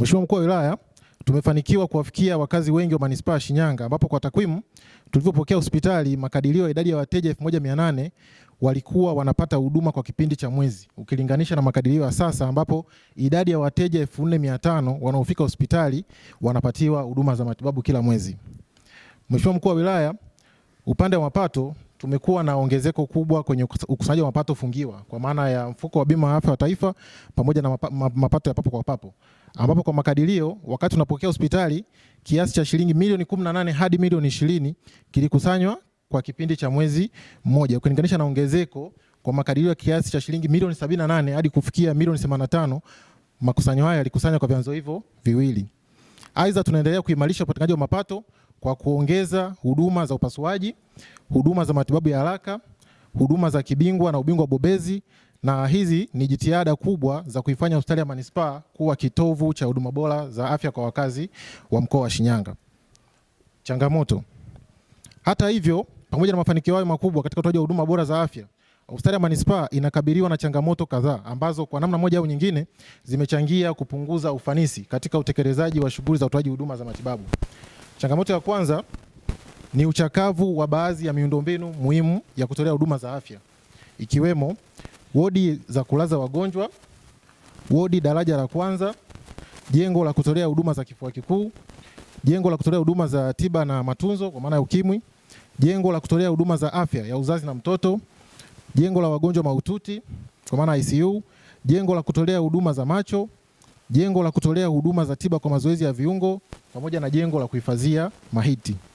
Mheshimiwa Mkuu wa Wilaya, tumefanikiwa kuwafikia wakazi wengi wa manispaa ya Shinyanga ambapo kwa takwimu tulivyopokea hospitali, makadirio ya idadi ya wateja 1800 walikuwa wanapata huduma kwa kipindi cha mwezi ukilinganisha na makadirio ya sasa ambapo idadi ya wateja 4500 wanaofika hospitali wanapatiwa huduma za matibabu kila mwezi. Mheshimiwa Mkuu wa Wilaya, upande wa mapato tumekuwa na ongezeko kubwa kwenye ukusanyaji wa mapato fungiwa kwa maana ya mfuko wa bima ya afya wa taifa pamoja na mapato ya papo kwa papo, ambapo kwa makadirio wakati tunapokea hospitali kiasi cha shilingi milioni 18 hadi milioni 20 kilikusanywa kwa kipindi cha mwezi mmoja ukilinganisha na ongezeko kwa makadirio ya kiasi cha shilingi milioni 78 hadi kufikia milioni 85. Makusanyo haya yalikusanywa kwa vyanzo hivyo viwili. Aidha, tunaendelea kuimarisha upatikanaji wa mapato kwa kuongeza huduma za upasuaji, huduma za matibabu ya haraka, huduma za kibingwa na ubingwa bobezi, na hizi ni jitihada kubwa za kuifanya hospitali ya manispaa kuwa kitovu cha huduma bora za afya kwa wakazi wa mkoa wa Shinyanga. Changamoto. Hata hivyo, pamoja na mafanikio hayo makubwa katika utoaji wa huduma bora za afya Hospitali ya Manispaa inakabiliwa na changamoto kadhaa ambazo kwa namna moja au nyingine zimechangia kupunguza ufanisi katika utekelezaji wa shughuli za utoaji huduma za matibabu. Changamoto ya kwanza ni uchakavu wa baadhi ya miundombinu muhimu ya kutolea huduma za afya ikiwemo wodi za kulaza wagonjwa, wodi daraja la kwanza, jengo la kutolea huduma za kifua kikuu, jengo la kutolea huduma za tiba na matunzo kwa maana ya UKIMWI, jengo la kutolea huduma za afya ya uzazi na mtoto, jengo la wagonjwa mahututi kwa maana ICU, jengo la kutolea huduma za macho, jengo la kutolea huduma za tiba kwa mazoezi ya viungo, pamoja na jengo la kuhifadhia mahiti.